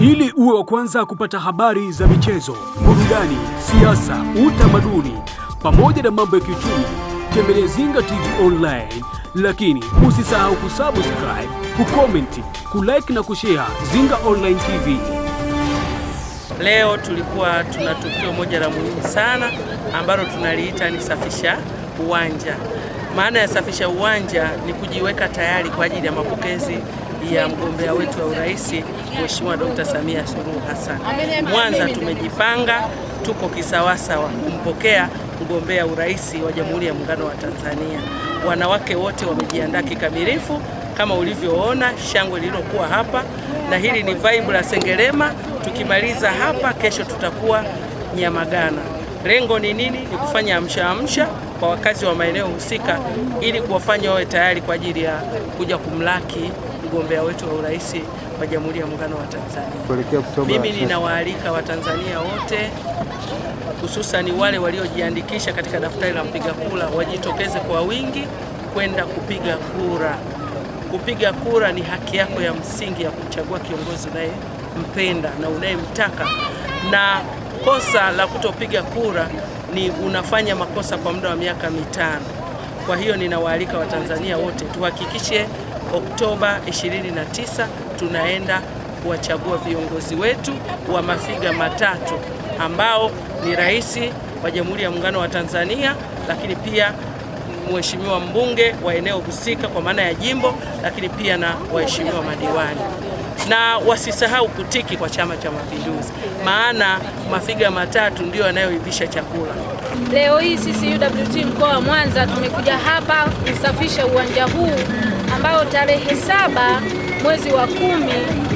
Ili uwe wa kwanza kupata habari za michezo, burudani, siasa, utamaduni pamoja na mambo ya kiuchumi, tembelea Zinga TV Online, lakini usisahau kusubscribe, kucomment, kulike na kushare Zinga Online TV. Leo tulikuwa tuna tukio moja la muhimu sana ambalo tunaliita ni safisha uwanja. Maana ya safisha uwanja ni kujiweka tayari kwa ajili ya mapokezi ya mgombea wetu wa urais Mheshimiwa Dr. Samia Suluhu Hassan. Mwanza tumejipanga, tuko kisawasawa kumpokea mgombea urais wa Jamhuri ya Muungano wa Tanzania. Wanawake wote wamejiandaa kikamilifu kama ulivyoona shangwe lililokuwa hapa, na hili ni vibe la Sengerema. Tukimaliza hapa, kesho tutakuwa Nyamagana. Lengo ni nini? Ni kufanya amsha amsha kwa wakazi wa maeneo husika, ili kuwafanya wawe tayari kwa ajili ya kuja kumlaki mgombea wetu wa urais wa Jamhuri ya Muungano wa Tanzania. Mimi ninawaalika Watanzania wote hususan wale waliojiandikisha katika daftari la mpiga kura wajitokeze kwa wingi kwenda kupiga kura. Kupiga kura ni haki yako ya msingi ya kumchagua kiongozi unayempenda na unayemtaka, na kosa la kutopiga kura ni unafanya makosa kwa muda wa miaka mitano. Kwa hiyo ninawaalika Watanzania wote tuhakikishe Oktoba 29 tunaenda kuwachagua viongozi wetu wa mafiga matatu ambao ni rais wa Jamhuri ya Muungano wa Tanzania, lakini pia mheshimiwa mbunge wa eneo husika kwa maana ya jimbo, lakini pia na waheshimiwa madiwani na wasisahau kutiki kwa Chama cha Mapinduzi, maana mafiga matatu ndiyo yanayoivisha chakula. Leo hii sisi UWT mkoa wa Mwanza tumekuja hapa kusafisha uwanja huu ambayo tarehe saba mwezi wa kumi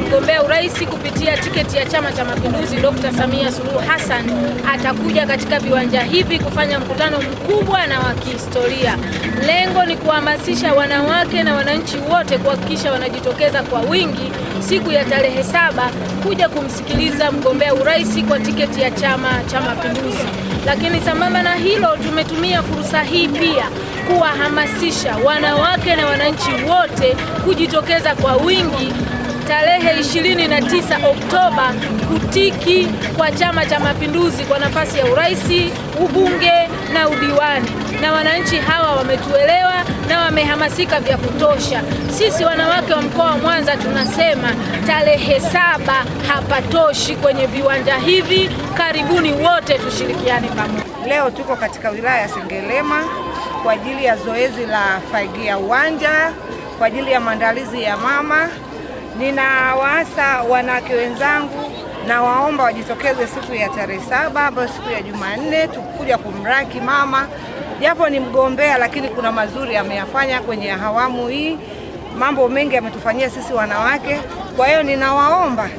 mgombea urais kupitia tiketi ya Chama cha Mapinduzi Dr. Samia Suluhu Hassan atakuja katika viwanja hivi kufanya mkutano mkubwa na wa kihistoria Lengo ni kuhamasisha wanawake na wananchi wote kuhakikisha wanajitokeza kwa wingi siku ya tarehe saba kuja kumsikiliza mgombea urais kwa tiketi ya Chama cha Mapinduzi. Lakini sambamba na hilo, tumetumia fursa hii pia kuwahamasisha wanawake na wananchi wote kujitokeza kwa wingi tarehe 29 Oktoba kutiki kwa Chama cha Mapinduzi kwa nafasi ya urais, ubunge na udiwani, na wananchi hawa wametuelewa na wamehamasika vya kutosha. Sisi wanawake wa mkoa wa Mwanza tunasema tarehe saba hapatoshi kwenye viwanja hivi, karibuni wote tushirikiane pamoja. Leo tuko katika wilaya ya Sengerema kwa ajili ya zoezi la fagia uwanja kwa ajili ya maandalizi ya mama. Ninawaasa wanawake wenzangu na waomba wajitokeze siku ya tarehe saba ambayo siku ya Jumanne tukuja kumraki mama, japo ni mgombea, lakini kuna mazuri ameyafanya kwenye awamu hii. Mambo mengi ametufanyia sisi wanawake, kwa hiyo ninawaomba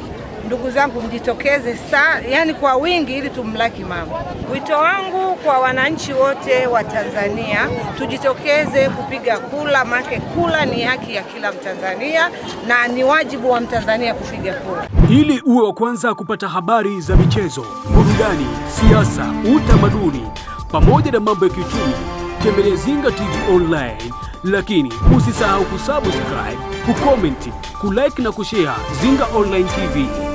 ndugu zangu, mjitokeze saa, yani kwa wingi, ili tumlaki mama. Wito wangu kwa wananchi wote wa Tanzania, tujitokeze kupiga kula, make kula ni haki ya kila Mtanzania na ni wajibu wa Mtanzania kupiga kula. Ili uwe wa kwanza kupata habari za michezo, burudani, siasa, utamaduni pamoja na mambo ya kiuchumi, tembelea Zinga TV Online, lakini usisahau kusubscribe, kucomment, kulike na kushare Zinga Online TV.